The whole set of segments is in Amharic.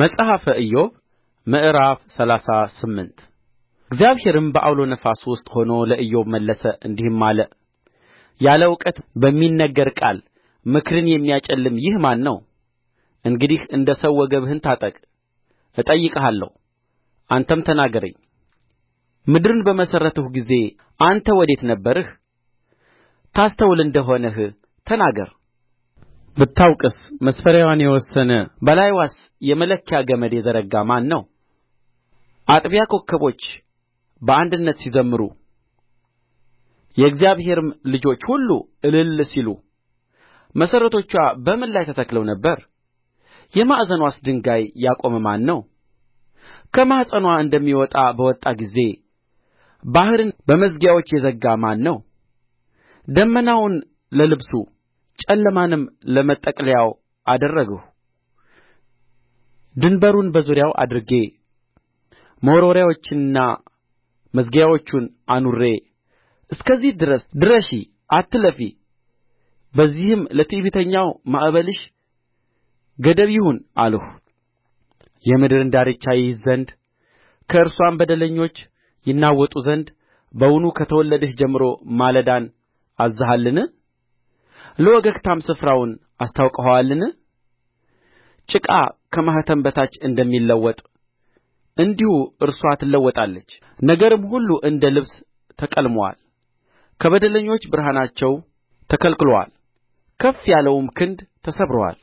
መጽሐፈ ኢዮብ ምዕራፍ ሰላሳ ስምንት እግዚአብሔርም በዐውሎ ነፋስ ውስጥ ሆኖ ለኢዮብ መለሰ እንዲህም አለ ያለ እውቀት በሚነገር ቃል ምክርን የሚያጨልም ይህ ማን ነው እንግዲህ እንደ ሰው ወገብህን ታጠቅ እጠይቅሃለሁ አንተም ተናገረኝ ምድርን በመሠረትሁ ጊዜ አንተ ወዴት ነበርህ ታስተውል እንደ ሆንህ ተናገር ብታውቅስ መስፈሪያዋን የወሰነ በላይዋስ የመለኪያ ገመድ የዘረጋ ማን ነው አጥቢያ ኮከቦች በአንድነት ሲዘምሩ የእግዚአብሔርም ልጆች ሁሉ እልል ሲሉ መሠረቶችዋ በምን ላይ ተተክለው ነበር? የማዕዘንዋስ ድንጋይ ያቆመ ማን ነው? ከማኅፀንዋ እንደሚወጣ በወጣ ጊዜ ባሕርን በመዝጊያዎች የዘጋ ማን ነው? ደመናውን ለልብሱ ጨለማንም ለመጠቅለያው አደረግሁ ድንበሩን በዙሪያው አድርጌ መወርወሪያዎቹንና መዝጊያዎቹን አኑሬ እስከዚህ ድረስ ድረሺ አትለፊ በዚህም ለትዕቢተኛው ማዕበልሽ ገደብ ይሁን አልሁ የምድርን ዳርቻ ይይዝ ዘንድ ከእርስዋም በደለኞች ይናወጡ ዘንድ በውኑ ከተወለድህ ጀምሮ ማለዳን አዝዘሃልን ለወገግታም ስፍራውን አስታውቀኸዋልን ጭቃ ከማኅተም በታች እንደሚለወጥ እንዲሁ እርስዋ ትለወጣለች ነገርም ሁሉ እንደ ልብስ ተቀልሞአል ከበደለኞች ብርሃናቸው ተከልክሎአል ከፍ ያለውም ክንድ ተሰብሮአል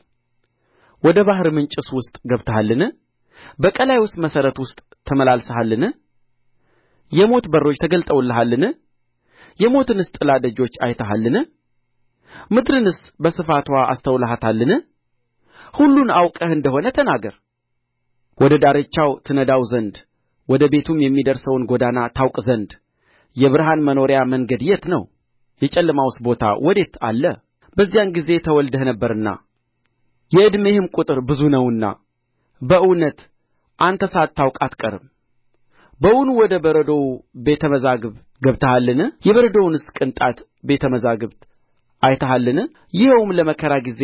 ወደ ባሕር ምንጭስ ውስጥ ገብተሃልን በቀላዩስ መሠረት ውስጥ ተመላልሰሃልን የሞት በሮች ተገልጠውልሃልን የሞትንስ ጥላ ደጆች አይተሃልን ምድርንስ በስፋትዋ አስተውለሃታልን ሁሉን አውቀህ እንደ ሆነ ተናገር ወደ ዳርቻው ትነዳው ዘንድ ወደ ቤቱም የሚደርሰውን ጐዳና ታውቅ ዘንድ የብርሃን መኖሪያ መንገድ የት ነው የጨለማውስ ቦታ ወዴት አለ በዚያን ጊዜ ተወልደህ ነበርና የዕድሜህም ቍጥር ብዙ ነውና በእውነት አንተ ሳታውቅ አትቀርም በውኑ ወደ በረዶው ቤተ መዛግብት ገብተሃልን የበረዶውንስ ቅንጣት ቤተ መዛግብት አይተሃልን ይኸውም ለመከራ ጊዜ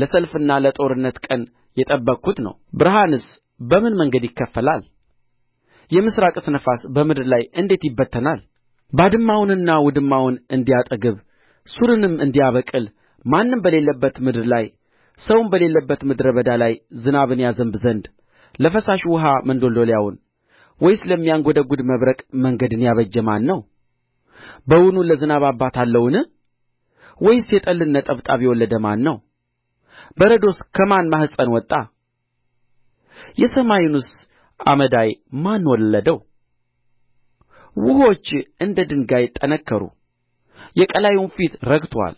ለሰልፍና ለጦርነት ቀን የጠበቅሁት ነው ብርሃንስ በምን መንገድ ይከፈላል የምሥራቅስ ነፋስ በምድር ላይ እንዴት ይበተናል ባድማውንና ውድማውን እንዲያጠግብ ሱርንም እንዲያበቅል ማንም በሌለበት ምድር ላይ ሰውም በሌለበት ምድረ በዳ ላይ ዝናብን ያዘንብ ዘንድ ለፈሳሽ ውኃ መንዶልዶያውን ወይስ ለሚያንጐደጕድ መብረቅ መንገድን ያበጀ ማን ነው በውኑ ለዝናብ አባት አለውን ወይስ የጠልን ነጠብጣብ የወለደ ማን ነው በረዶስ ከማን ማኅፀን ወጣ የሰማዩንስ አመዳይ ማን ወለደው ውኆች እንደ ድንጋይ ጠነከሩ የቀላዩም ፊት ረግቶአል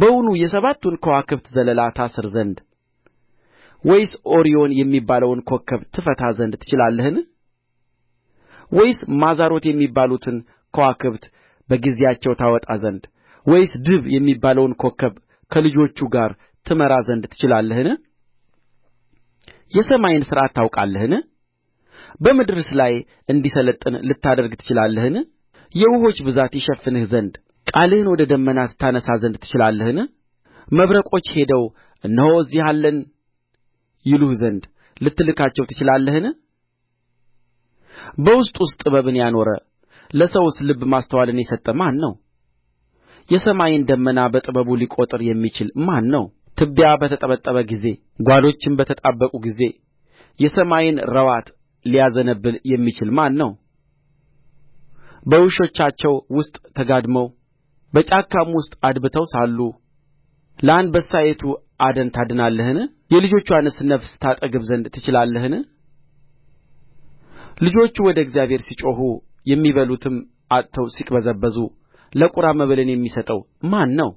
በውኑ የሰባቱን ከዋክብት ዘለላ ታስር ዘንድ ወይስ ኦሪዮን የሚባለውን ኮከብ ትፈታ ዘንድ ትችላለህን ወይስ ማዛሮት የሚባሉትን ከዋክብት በጊዜያቸው ታወጣ ዘንድ ወይስ ድብ የሚባለውን ኮከብ ከልጆቹ ጋር ትመራ ዘንድ ትችላለህን የሰማይን ሥርዓት ታውቃለህን በምድርስ ላይ እንዲሠለጥን ልታደርግ ትችላለህን የውኆች ብዛት ይሸፍንህ ዘንድ ቃልህን ወደ ደመናት ታነሣ ዘንድ ትችላለህን መብረቆች ሄደው እነሆ እዚህ አለን ይሉህ ዘንድ ልትልካቸው ትችላለህን በውስጡስ ጥበብን ያኖረ ለሰውስ ልብ ማስተዋልን የሰጠ ማን ነው የሰማይን ደመና በጥበቡ ሊቈጥር የሚችል ማን ነው ትቢያ በተጠበጠበ ጊዜ ጓሎችም በተጣበቁ ጊዜ የሰማይን ረዋት ሊያዘነብል የሚችል ማን ነው በዋሾቻቸው ውስጥ ተጋድመው በጫካም ውስጥ አድብተው ሳሉ ለአንበሳይቱ አደን ታድናለህን የልጆችዋንስ ነፍስ ታጠግብ ዘንድ ትችላለህን ልጆቹ ወደ እግዚአብሔር ሲጮኹ የሚበሉትም አጥተው ሲቅበዘበዙ ለቁራ መብልን የሚሰጠው ማን ነው